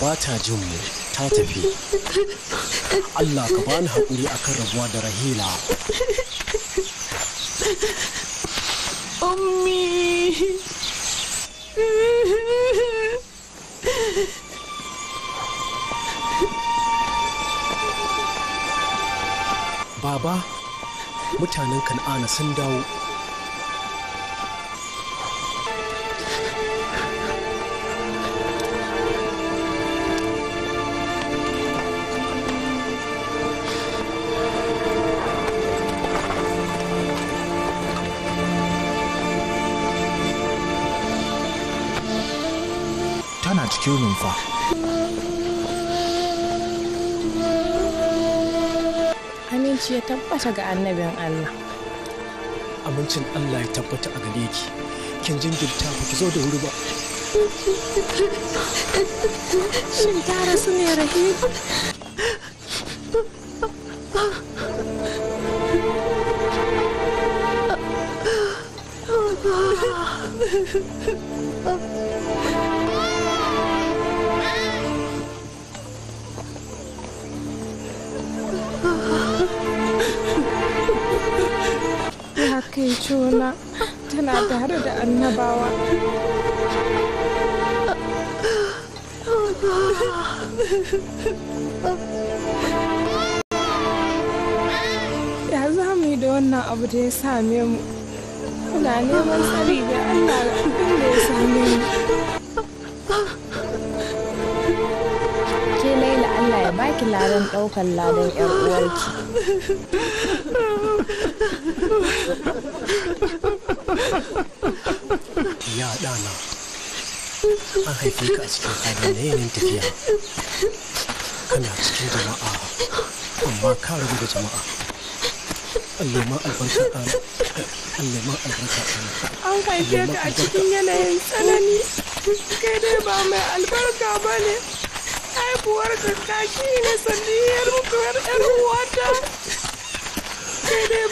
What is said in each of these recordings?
ba ta jin mu ta tafi Allah ka bani haƙuri akan rabuwa da rahila Ummi. Baba, mutanen Kan'ana sun dawo. tabbata ga annabin Allah. abincin Allah ya tabbata a gare ki. Kin jingirta ba zo da wuri ba. Shin ta rasu ne rahim? yi cuna tana tare da annabawa ya za mu yi da wannan abu da ya same mu kuna neman tsari da allah da ya same mu ke laila allah ya baki ladan ɗaukar ladan 'yar uwarki يا دانا ما فيك أسكن لين أنت فيها أنا أسكن جماعة وما كارب بجماعة اللي ما البركة أنا اللي ما البركة أنا أنا أو فيك أسكن أنا سنني كده ما ما البركة بني haihuwar ka kashi ne sandiyyar mutuwar 'yar uwata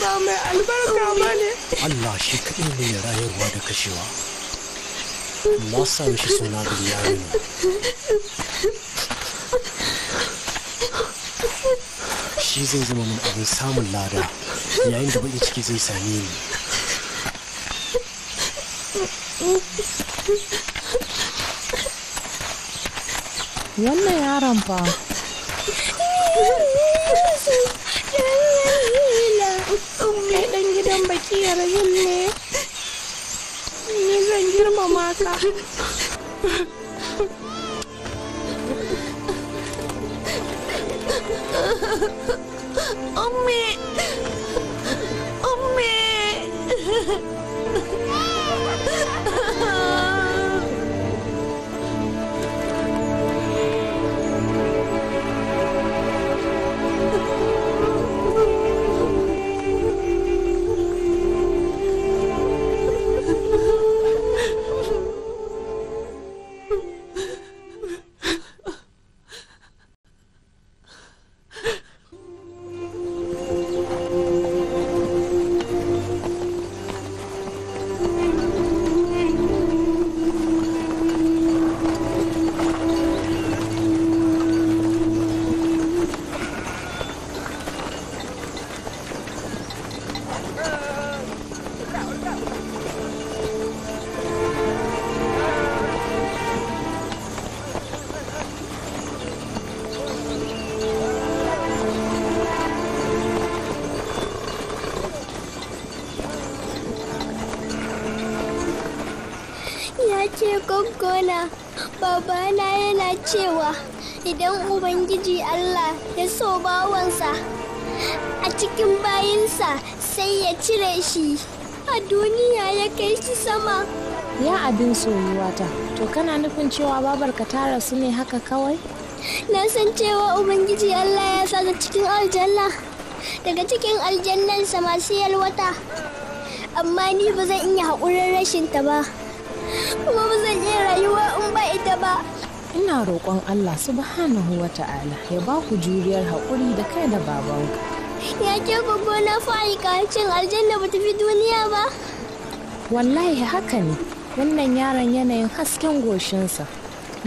ba mai albarka ba ne Allah shi kaɗai ne ya rayarwa da kashewa na sa mishi suna biryani shi zai zama min abin samun lada yayin da baƙin ciki zai same ni wannan yaron fa ne dan gidan bakiyar yin ne ni zan girmama ka Ummi cewa idan Ubangiji Allah ya so bawansa a cikin bayinsa sai ya cire shi a duniya ya kai shi sama. Ya abin soyuwa ta, to kana nufin cewa babarka ta rasu ne haka kawai? Na san cewa Ubangiji Allah ya sa cikin aljanna daga cikin sama masu wata. amma ni ba zan iya haƙurin rashinta ba kuma ba zan iya rayuwa in ba ita ba ina roƙon Allah subhanahu wa ta'ala ya ba ku juriyar haƙuri da kai da babanka. Ya ke gogo na fa'i cin aljanna ba ta fi duniya ba. Wallahi haka ne, wannan yaron yanayin hasken goshinsa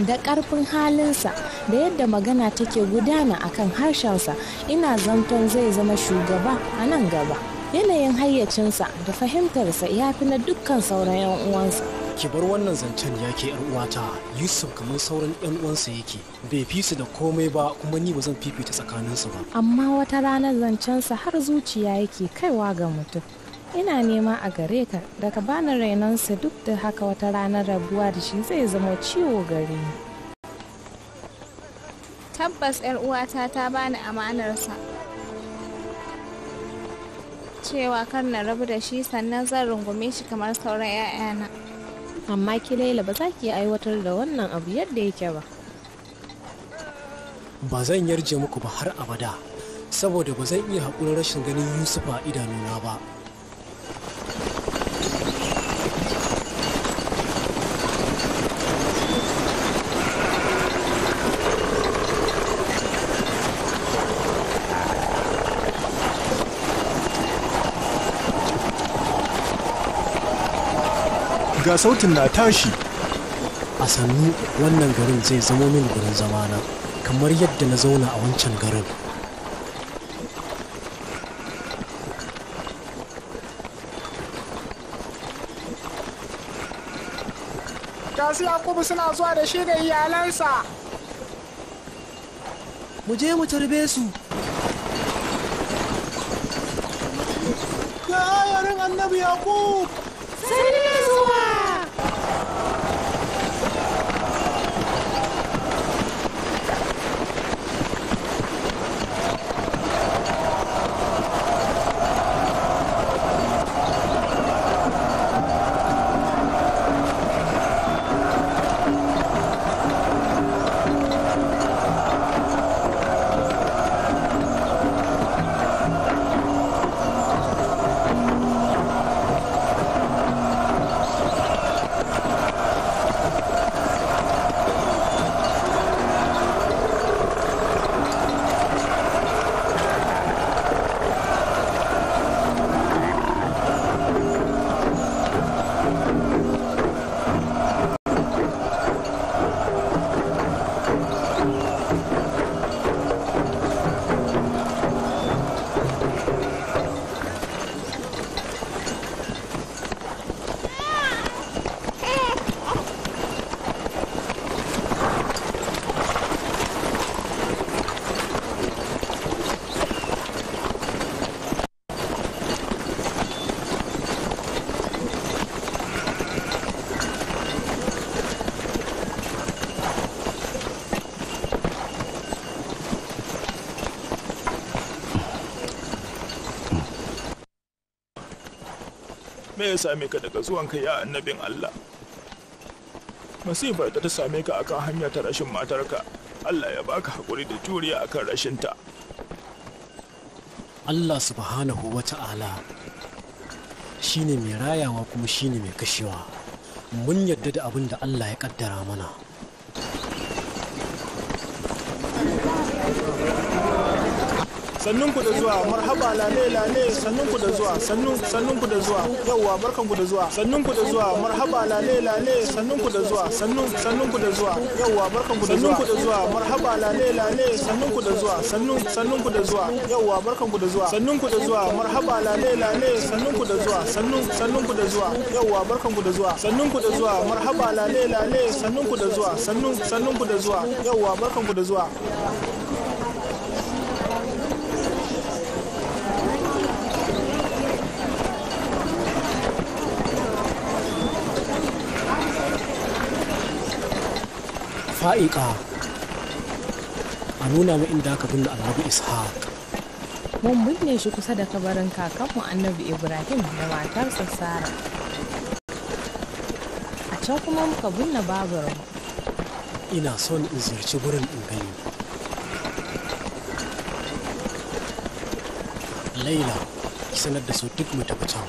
da ƙarfin halinsa da yadda magana take gudana a kan harshensa ina zanton zai zama shugaba a nan gaba. Yanayin hayyacinsa da fahimtarsa ya fi na dukkan sauran 'yan uwansa. ki bar wannan zancen ya ke yar uwata yusuf kamar sauran yan uwansa yake bai fi su da komai ba kuma ni ba zan fifita tsakaninsu ba amma wata ranar zancensa har zuciya yake kaiwa ga mutum ina nema a gare ka daga bani rainonsa duk da haka wata ranar rabuwa da shi zai zama ciwo gare ni tabbas yar uwata ta bani amanarsa cewa kar na rabu da shi sannan zan rungume shi kamar sauran 'ya'yana. amma ki laila ba za ki aiwatar da wannan abu yadda yake ba ba zan yarje muku ba har abada saboda ba zan iya haƙurin rashin ganin yusufa idanuna ba ga sautin na tashi a sannu wannan garin zai zama min gurin zamana kamar yadda na zauna a wancan garin Gasu Yakubu suna zuwa da shi da iyalansa. Mu je mu tarbe su. Ga ayarin annabi Yakubu! same ka daga zuwanka ya annabin Allah masifar da ta same ka akan hanya ta rashin matarka Allah ya baka haƙuri da juriya akan rashinta Allah subhanahu wa ta'ala shine mai rayawa kuma shine mai kashewa mun yarda da abin da Allah ya kaddara mana sannun ku da zuwa marhaba lale lale sannun ku da zuwa sannun sannun ku da zuwa yawwa barkan ku da zuwa sannun ku da zuwa marhaba lale lale sannun ku da zuwa sannun sannun ku da zuwa yawwa barkan ku da zuwa sannun ku da zuwa marhaba lale lale sannun ku da zuwa sannun sannun ku da zuwa yawwa barkan ku da zuwa sannun ku da zuwa marhaba lale lale sannun ku da zuwa sannun sannun ku da zuwa yawwa barkan ku da zuwa sannun ku da zuwa marhaba lale lale sannun ku da zuwa sannun sannun ku da zuwa yawwa barkan ku da zuwa fa'iƙa a nuna mu inda aka binne annabi ishaq mun binne shi kusa da kabarin kakanmu annabi ibrahim da matarsa sara a can kuma muka binne babarin ina son in ziyarci gurin in gani laila ki sanar da su duk mu tafi can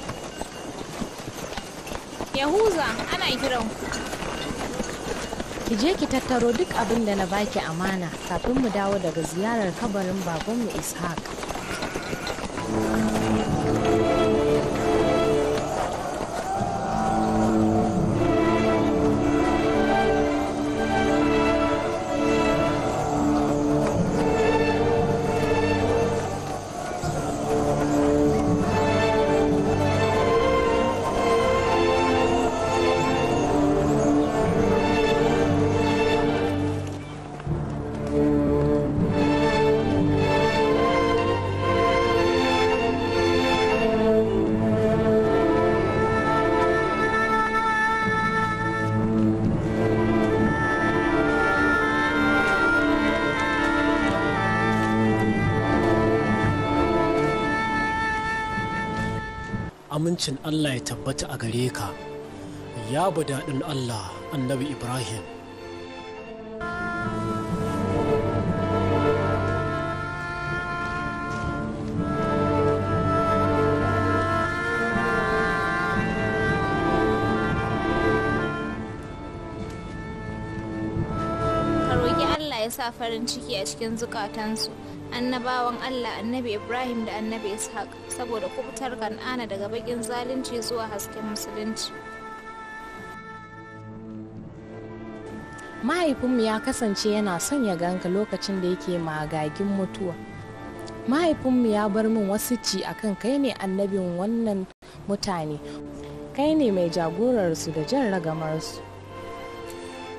yahuza ana kiran ku ki je ki tattaro duk abin da na baki amana kafin mu dawo daga ziyarar kabarin babanmu ishaq Amincin Allah ya tabbata a gare ka, ya daɗin Allah annabi Ibrahim. Allah ya sa farin ciki a cikin zukatansu. annabawan Allah annabi Ibrahim da annabi Ishaq saboda kubutar kan'ana daga bakin zalunci zuwa hasken musulunci. Mahaifinmu ya kasance yana son ya ganka lokacin da yake magagin mutuwa. Mahaifinmu ya bar min wasu ci akan kai ne annabin wannan mutane, kai ne mai jagorarsu da jan ragamarsu.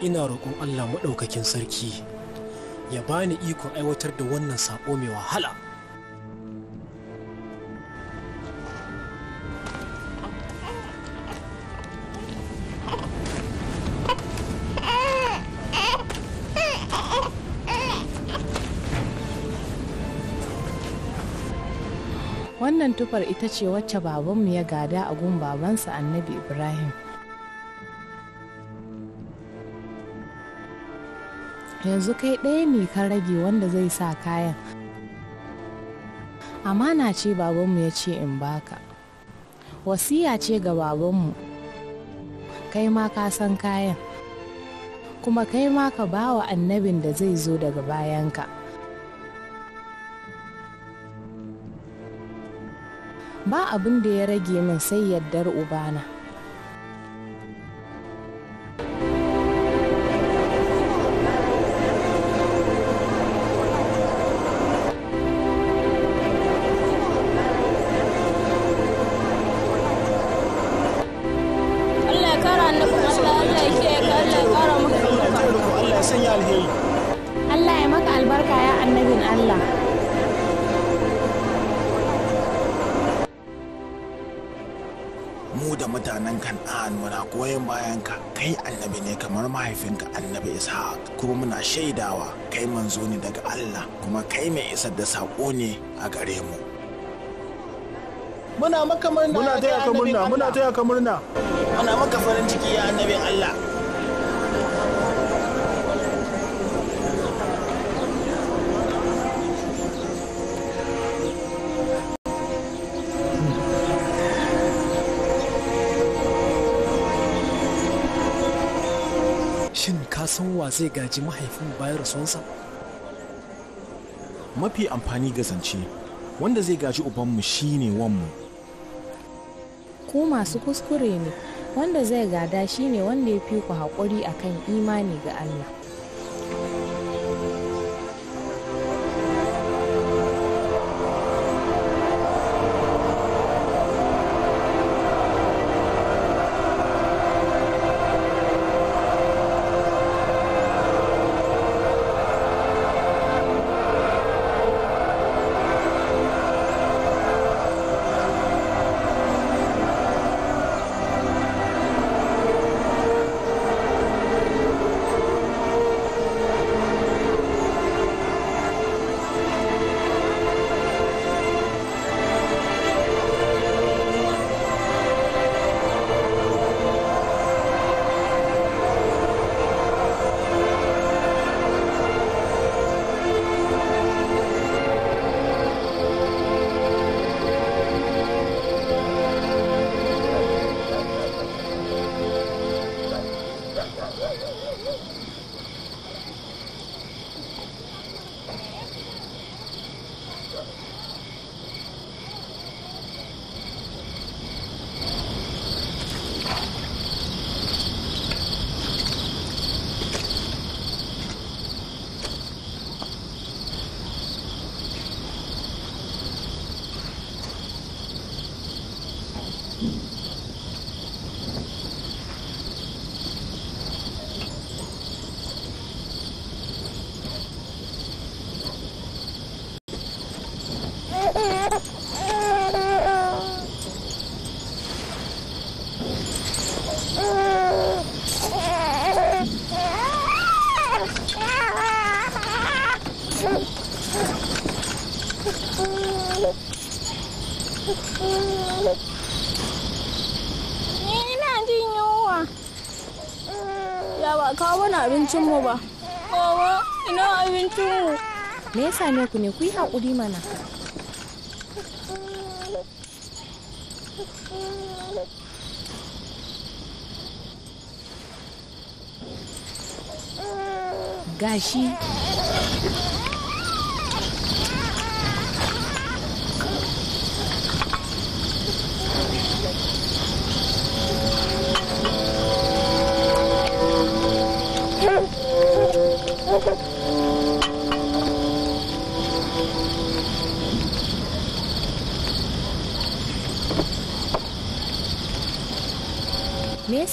Ina roƙon Allah maɗaukakin sarki ya bani ikon aiwatar da wannan saƙo mai wahala wannan tufar ita ce wacce babanmu ya gada a gun babansa annabi ibrahim yanzu kai ɗaya ne ka rage wanda zai sa kayan amana ce babanmu ya ce in baka wasiya ce ga babanmu kai ma ka san kayan kuma kai ma ka ba wa annabin da zai zo daga bayanka ba abin da ya rage min sai yardar ubana isar da saƙo ne a gare mu muna maka murna muna taya ka murna muna taya ka murna muna maka farin ciki ya annabin Allah shin ka san wa zai gaji mahaifin bayar rasuwansa? mafi amfani ga zance wanda zai gaji ubanmu shine wanmu ku masu kuskure ne wanda zai gada shine wanda ya fi ku haƙuri akan imani ga Allah abincinmu ba. Wawa, ina abincinmu. Me yasa ne ku ne ku yi haƙuri mana. Gashi.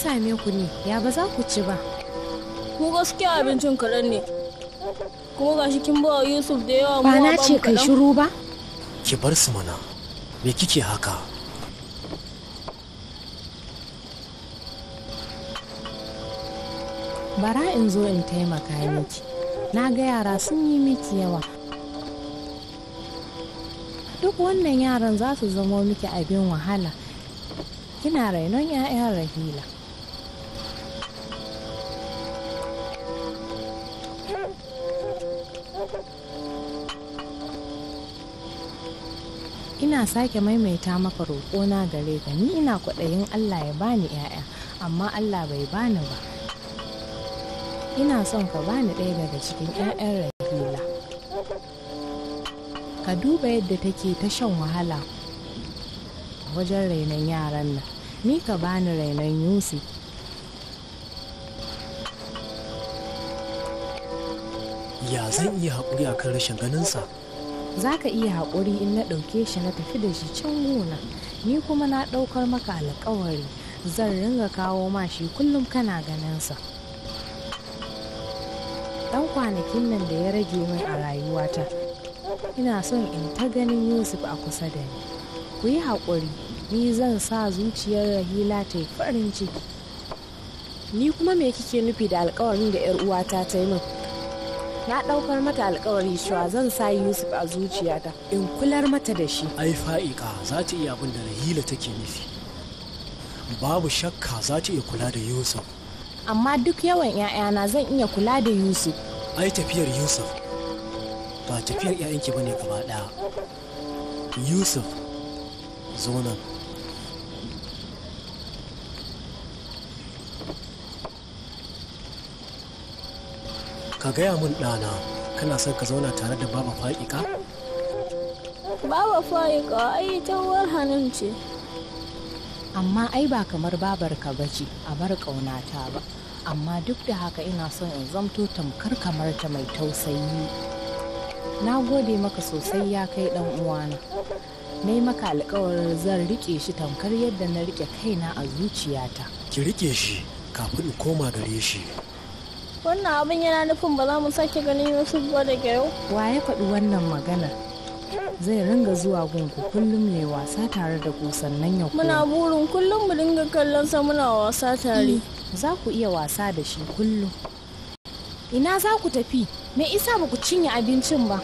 same ku ne ya ba za ku ci ba mu gaskiya abincin kaɗan ne kuma ga kin ba yusuf da yawa ba na ce kai shiru ba ki bar su mana me kike haka bara in zo in taimaka miki na ga yara sun yi miki yawa duk wannan yaran za su zamo miki abin wahala kina rainon 'ya'yan rahila ina sake maimaita maka roƙona gare ka ni ina kwaɗayin Allah ya bani ‘ya'ya amma Allah bai bani ba ina son ka bani ɗaya daga cikin ‘ya'yan rahila ka duba yadda take ta shan wahala wajen rainon yaran nan ni ka bani rainon yusi ya zan iya haƙuri akan rashin ganinsa za ka iya haƙuri in na ɗauke shi na tafi da shi can gona ni kuma na ɗaukar maka alƙawari zan ringa kawo ma shi kullum kana ganinsa ɗan kwanakin nan da ya rage min a rayuwata ina son in ta ganin yusuf a kusa da ni ku yi haƙuri ni zan sa zuciyar rahila ta yi farin ciki ni kuma me kike nufi da alƙawarin da 'yar uwata ta yi min na ɗaukar mata alkawari cewa zan sa yusuf a zuciyata in kular mata da shi ai fa'iƙa za ta iya abin da rahila take nufi babu shakka za ta iya kula da yusuf amma duk yawan 'ya'yana zan iya kula da yusuf ai tafiyar yusuf ba tafiyar 'ya'yanki bane gaba ɗaya yusuf zo nan ka gaya mun ɗana kana son ka zauna tare da baba fa'iƙa? baba fa'iƙa ai ta hannun ce amma ai ba kamar babarka ba ce a bar ƙaunata ba amma duk da haka ina son in zamto tamkar kamar ta mai tausayi na gode maka sosai ya kai ɗan uwana na yi maka alkawarin zan riƙe shi tamkar yadda na riƙe kaina a zuciyata ki rike shi kafin in koma gare shi wannan abin yana nufin ba za mu sake ganin wasu ba da yau wa ya faɗi wannan magana zai ringa zuwa gunku kullum ne wasa tare da ku sannan ya muna burin kullum mu dinga kallon sa muna wasa tare hmm, za ku iya wasa da shi kullum ina za ku tafi me isa ba ku cinye abincin ba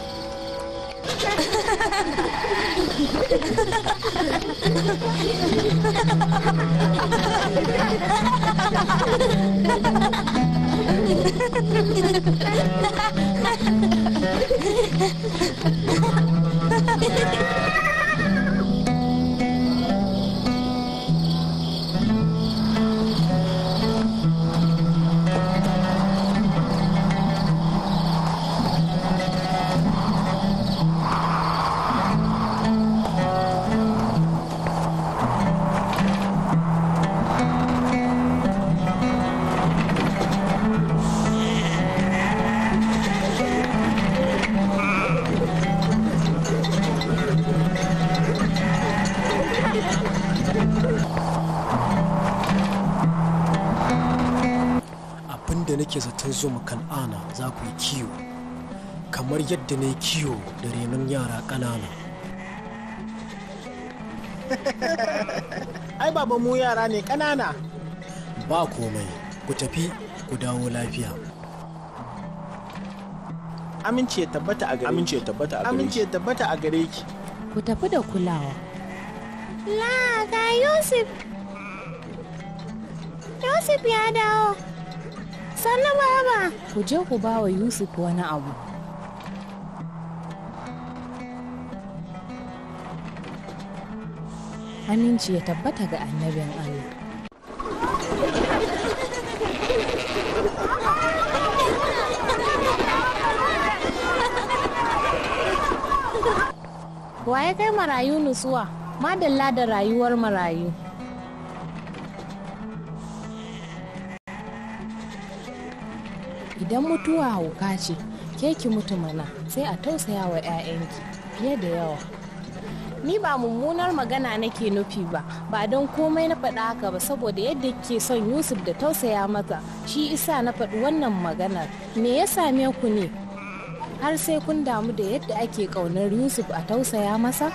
ハハハハ sun zo mu kan'ana za ku yi kiwo kamar yadda na yi kiwo da renon yara ƙanana ai baba mu yara ne ƙanana ba komai ku tafi ku dawo lafiya amince ya tabbata a gare amince tabbata a gare amince tabbata a gare ki ku tafi da kulawa la ga yusuf yusuf ya dawo sannu ba ku je ku ba wa yusuf wani abu aminci ya tabbata ga annabin allah waye kai marayu nutsuwa madalla da rayuwar marayu idan mutuwa hauka ce ke ki mutu mana sai a tausaya wa 'ya'yanki fiye da yawa ni ba mummunar magana nake nufi ba ba don komai na faɗa haka ba saboda yadda ke son yusuf da tausaya mata shi isa na faɗi wannan maganar me ya same ku ne har sai kun damu da yadda ake ƙaunar yusuf a tausaya masa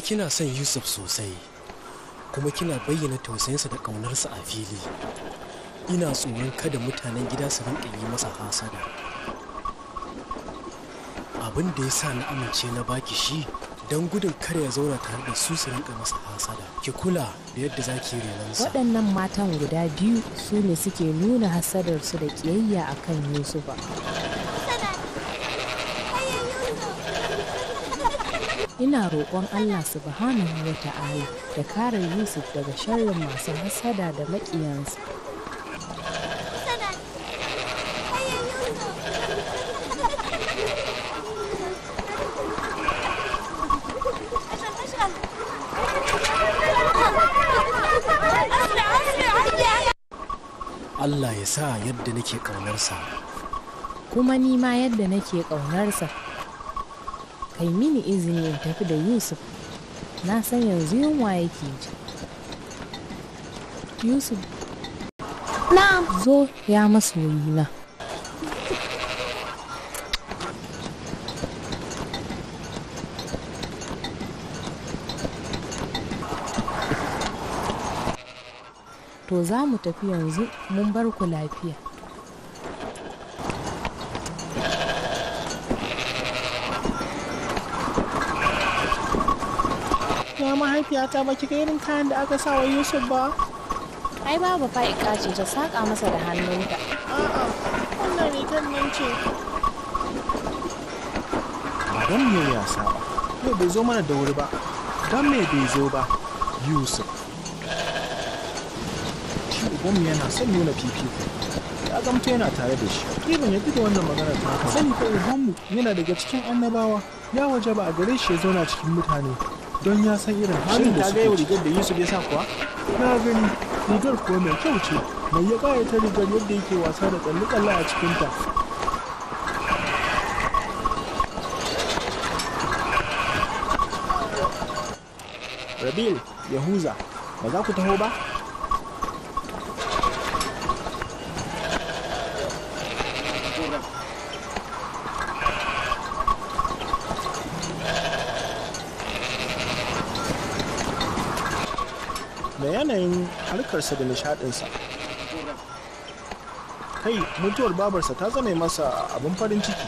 kina son yusuf sosai kuma kina bayyana tausayinsa da ƙaunarsa a fili ina tsoron kada mutanen gida su rinka yi masa hasada abin da ya sa na amince na baki shi don gudun kar ya zauna tare da su su rinka masa hasada ki kula da yadda za ki renansa waɗannan matan guda biyu su ne suke nuna hasadarsu da ƙiyayya akan yusufa ina roƙon Allah subhanahu wa ta'ala da kare Yusuf daga sharrin masu hasada da maƙiyansa. Allah ya sa yadda nake ƙaunarsa. Kuma ni ma yadda nake ƙaunarsa. kai mini izini in tafi da yusuf na san yanzu yunwa yake ji yusuf na zo ya masu masoyina to za mu tafi yanzu mun bar ku lafiya na mahaifiyata ba ki ga irin kayan da aka sa wa Yusuf ba? Ai babu fa'ika ce ta saƙa masa da hannunta. A'a, wannan rigar nan ce. Ba don me ya sa ba, yau bai zo mana da wuri ba, don me bai zo ba, Yusuf. Shi ubanmu yana son nuna fifiko. ya gamta yana tare da shi ibn ya duka wannan magana ta sani ko ubanmu yana daga cikin annabawa ya waje ba a gare shi ya zauna cikin mutane don ya san irin halin da suke rigar da yusuf ya sa kuwa na gani rigar kuwa mai kyau ce mai ya ta rigar yadda yake wasa da tsalle-tsalle a cikinta rabil yahuza ba za ku taho ba matarsa da nishadinsa kai mutuwar babarsa ta zama masa abin farin ciki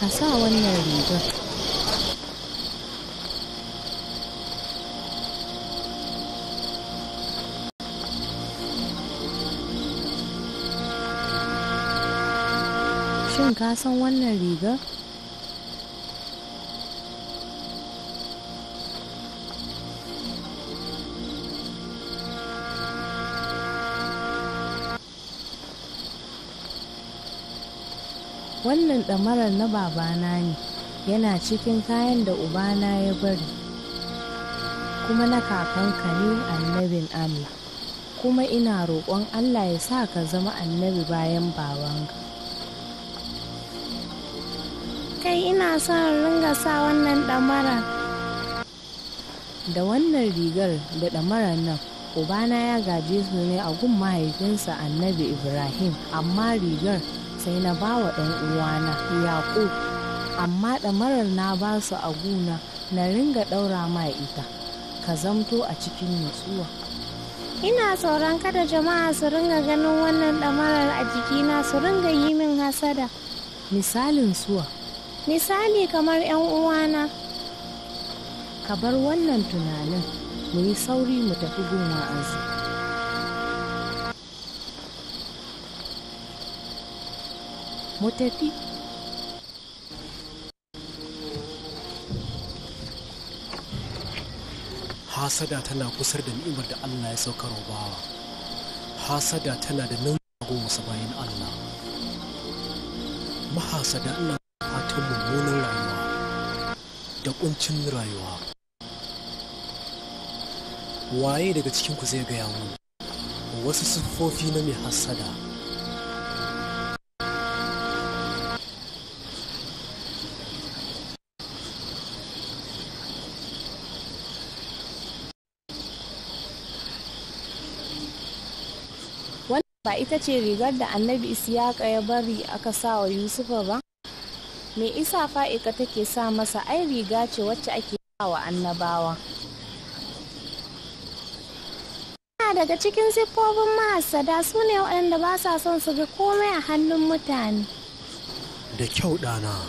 ka sa wannan rigar shin ka san wannan rigar wannan ɗamarar na babana ne yana cikin kayan da ubana ya bari kuma na kakanka ne annabin allah kuma ina roƙon allah ya sa ka zama annabi bayan babanka ina son ringa sa wannan damara da wannan rigar da damarar nan ubana ya gaje su ne a gun mahaifinsa annabi ibrahim amma rigar sai na ba wa ɗan uwana yaƙub amma ɗamarar na ba su a guna na ringa ɗaura ma ita ka zamto a cikin nutsuwa ina sauran kada jama'a su ringa ganin wannan ɗamarar a jikina su ringa yi min hasada misalin suwa misali kamar 'yan uwana ka bar wannan tunanin mu yi sauri mu tafi gun wa'azi mu tafi hasada tana kusar da ni'imar da allah ya saukar bawa hasada tana da nan a goma bayan allah mahasada allah da kuncin rayuwa waye daga cikinku zai gaya mun wasu siffofi na mai hassada ba ita ce rigar da annabi isiyaka ya bari aka sa wa yusufa ba me isa fa'ika take sa masa ai riga ce wacce ake wa annabawa ana daga cikin siffofin mahasada su ne waɗanda ba sa son su ga komai a hannun mutane da kyau ɗana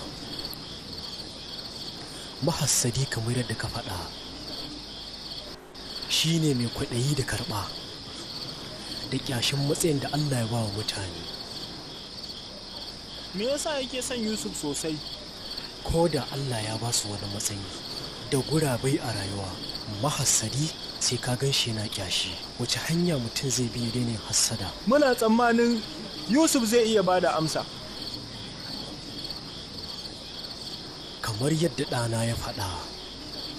mahassadi kamar yadda ka faɗa shine mai kwaɗayi da karɓa da ƙyashin matsayin da allah ya ba wa mutane me yasa yake son yusuf sosai ko da allah ya ba su wani matsayi da gurabai a rayuwa mahassadi sai ka gan shi na kyashi wace hanya mutum zai bi ne hassada muna tsammanin yusuf zai iya ba da amsa kamar yadda ɗana ya faɗa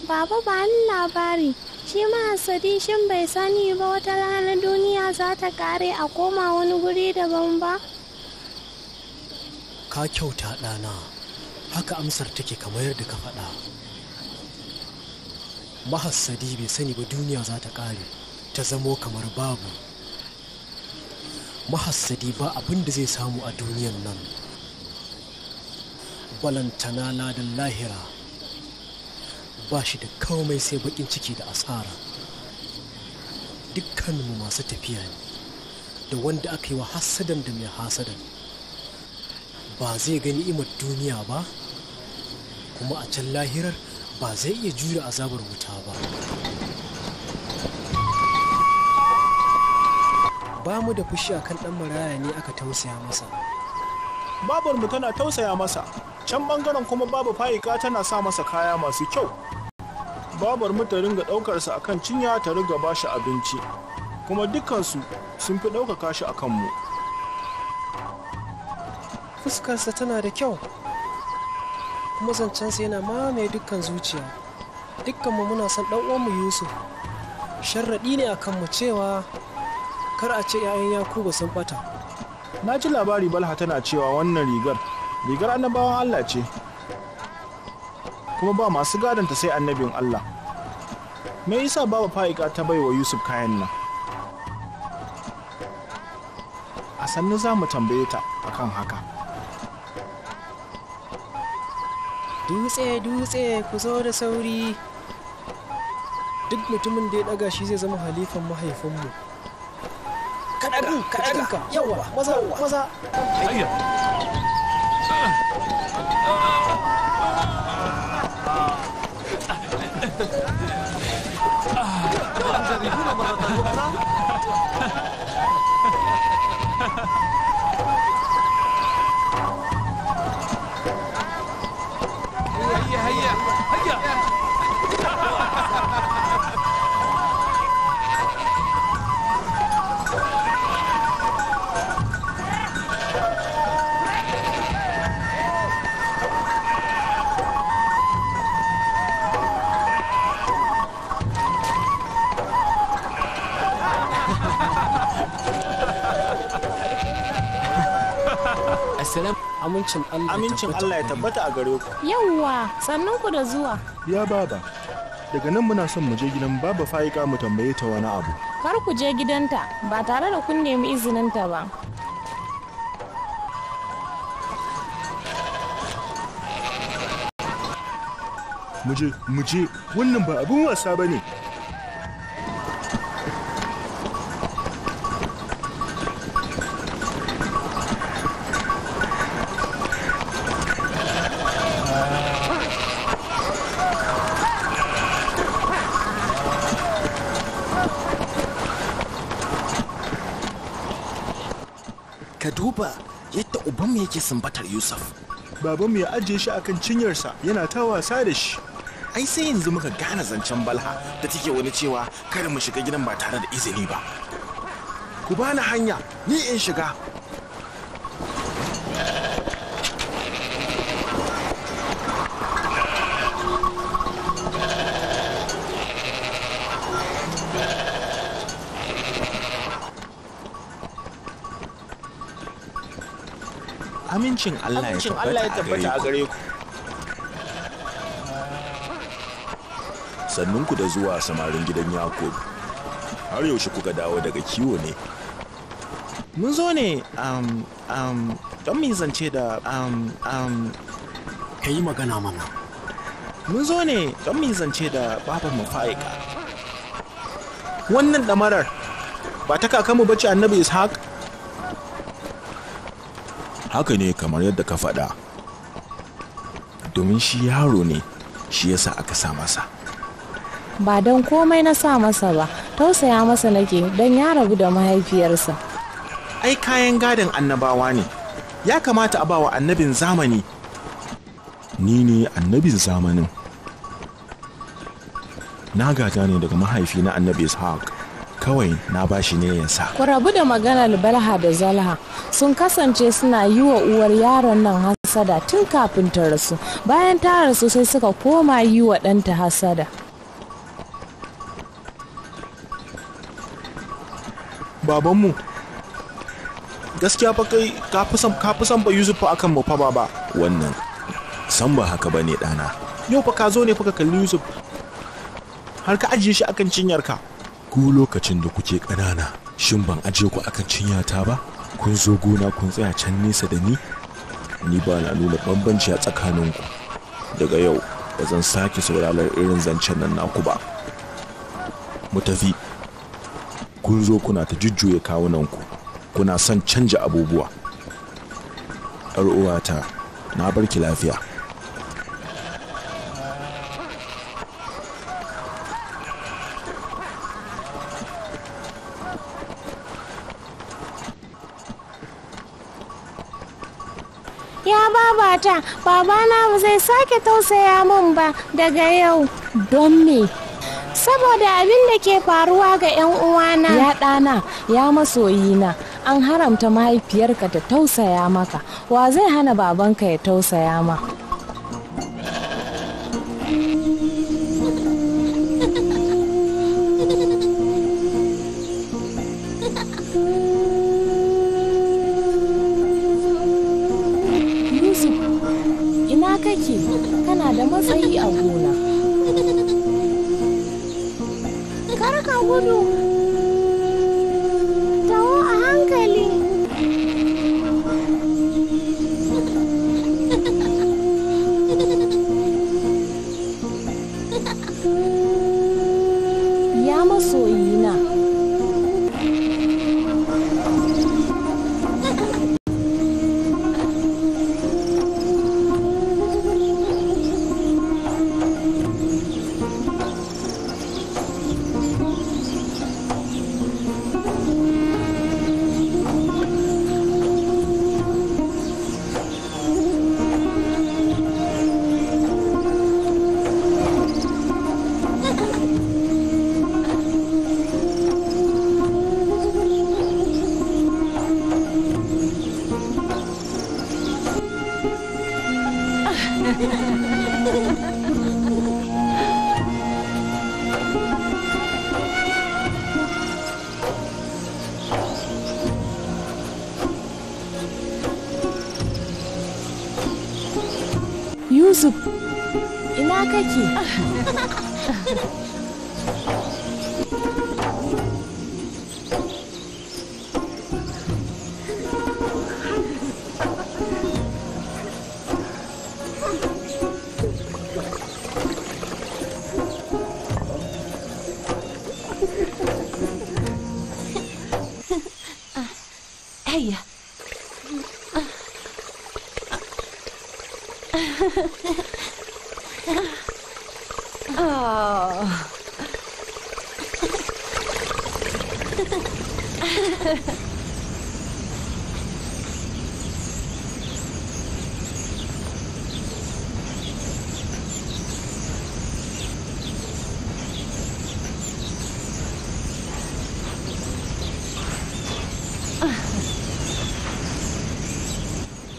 baba ba ni labari shi mahassadi shin bai sani ba wata rana duniya za ta kare a koma wani guri daban ba ka kyauta ɗana haka amsar take kamar da ka faɗa mahassadi bai sani ba duniya za ta ƙare ta zamo kamar babu mahassadi ba abin da zai samu a duniyan nan balantana ladan lahira ba shi da komai sai bakin ciki da asara dukkanmu masu tafiya ne da wanda aka yi wa hasadan da mai hasadan ba zai ga ni'imar duniya ba kuma a can lahirar ba zai iya jure azabar wuta ba ba mu da fushi akan ɗan maraya ne aka tausaya masa babarmu tana tausaya masa can bangaren kuma babu fayika tana sa masa kaya masu kyau babar mu ta ringa ɗaukarsa akan cinya ta ringa bashi abinci kuma dukansu sun fi ɗaukaka shi akan mu. fuskarsa tana da kyau kuma zancensa yana mamaye dukkan zuciya dukkanmu muna son uwanmu yusuf sharraɗi ne a mu cewa kar a ce 'ya'yan yakuba sun bata. na ji labari balha tana cewa wannan rigar rigar annabawan allah ce kuma ba masu gadonta sai annabin allah me yasa babu fa'iƙa ta bai wa yusuf kayan nan a sannu za mu tambaye ta akan haka dutse dutse ku zo da sauri duk mutumin da ya daga shi zai zama halifan mahaifinmu kadaga kadaga yawa maza maza Ha ha ha! Amincin Allah ya tabbata a gare ku. Yawwa, sannan ku da zuwa. Ya baba, daga nan muna son mu je gidan baba fa'ika mu tambaye ta wani abu. Kar ku je gidanta ba tare da kun nemi izininta ba. Muje, muje, wannan ba abin wasa ba sumbatar yusuf babanmu ya ajiye shi akan cinyarsa yana ta wasa da shi ai sai yanzu muka gane zancen balha da take wani cewa kada mu shiga gidan ba tare da izini ba ku bani hanya ni in shiga Amincin Allah ya tabbata a gare ku. Sannunku da zuwa samarin gidan Yakub. Har yaushe kuka dawo daga kiwo ne. Mun zo ne um, um, don mu zance da um, ka yi magana mana. Mun zo ne don mu zance da baban mu fa'ika. Wannan ɗamarar ba ta kakanmu bace annabi Ishaq? haka ne kamar yadda ka faɗa domin shi yaro ne shi yasa aka sa masa ba don komai na sa masa ba tausaya masa nake don ya rabu da mahaifiyarsa ai kayan gadon annabawa ne ya kamata a bawa annabin zamani ni ne annabin zamanin na gada ne daga mahaifi na annabi ishaq kawai na bashi ne yansa. Ku rabu da maganar Balha da Zalha sun kasance suna yi wa uwar yaron nan hasada tun kafin ta rasu bayan ta rasu sai suka koma yi wa ɗanta hasada. Babanmu gaskiya fa kai kafi fi ba Yusuf akan mu fa ba. Wannan san ba haka bane ɗana. Yau fa ka zo ne fa ka kalli Yusuf har ka ajiye shi akan cinyarka. ku lokacin da kuke ƙanana shin ban aje ku akan cinyata ba kun zo gona kun tsaya can nesa da ni ni ba na nuna bambanci a tsakanin ku daga yau ba zan sake sauraron irin zancen nan naku ba mu tafi kun zo kuna ta jujjuya ku kuna son canja abubuwa uwata na barki lafiya Baba babana ba zai sake tausaya min ba daga yau don me saboda abin da ke faruwa ga 'yan uwana ya ɗana ya masoyina an haramta mahaifiyarka ta tausaya maka wa zai hana babanka ya tausaya ma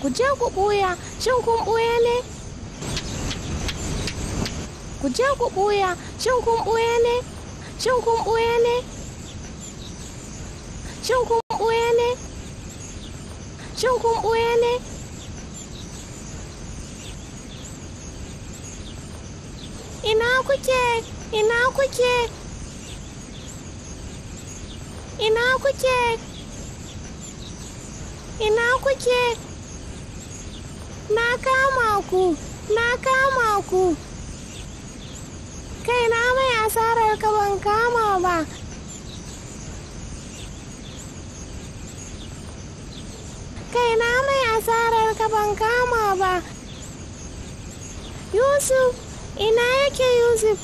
ku je ku ɓuya shin kun ɓuya ne ku je ku ɓuya shin kun ɓuya ne shin kun ɓuya ne shin kun ɓuya ne shin kun ɓuya ne ina kuke ina kuke ina kuke ina kuke na kama ku na kama ku kai na mai asarar ka ban kama ba kai na mai asarar ka ban kama ba yusuf ina yake yusuf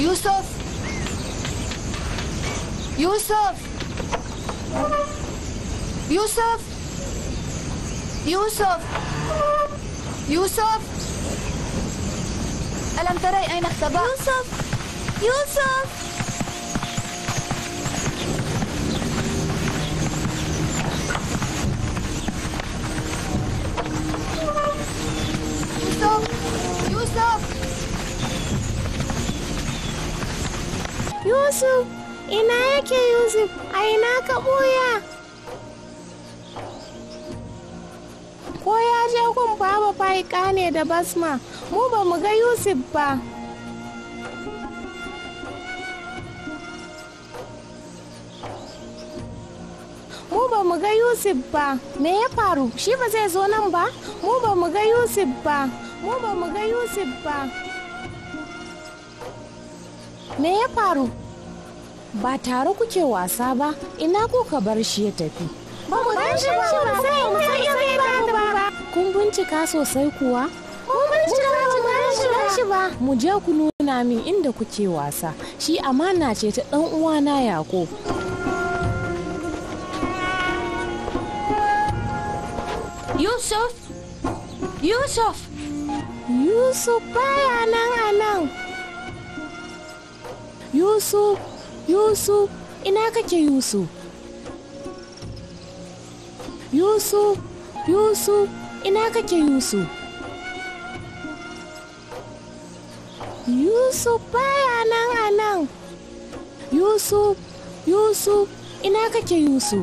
yusuf yusuf يوسف يوسف يوسف ألم تري أين اختبأ؟ يوسف يوسف يوسف يوسف يوسف إيه يا يوسف أينك أبويا je gun baba faika ne da basma mu ba mu ga yusuf ba mu ba mu ga yusuf ba me ya faru shi ba zai zo nan ba mu ba mu ga yusuf ba mu ba mu ga yusuf ba me ya faru ba tare kuke wasa ba ina kuka bar shi ya tafi ba mu gan shi ba sai mu sai kun bincika sosai kuwa? shi ba mu je ku nuna min inda kuke wasa shi amana ce ta ɗan uwana yako yusuf yusuf yusuf baya nan a nan yusuf yusuf ina kake yusuf yusuf yusuf ina kake yusuf yusuf baya nan a nan yusu yusuf ina kake yusuf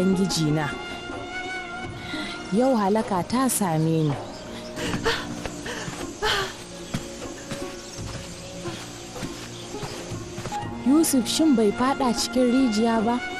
ubangiji na yau halaka ta same ni yusuf shin bai fada cikin rijiya ba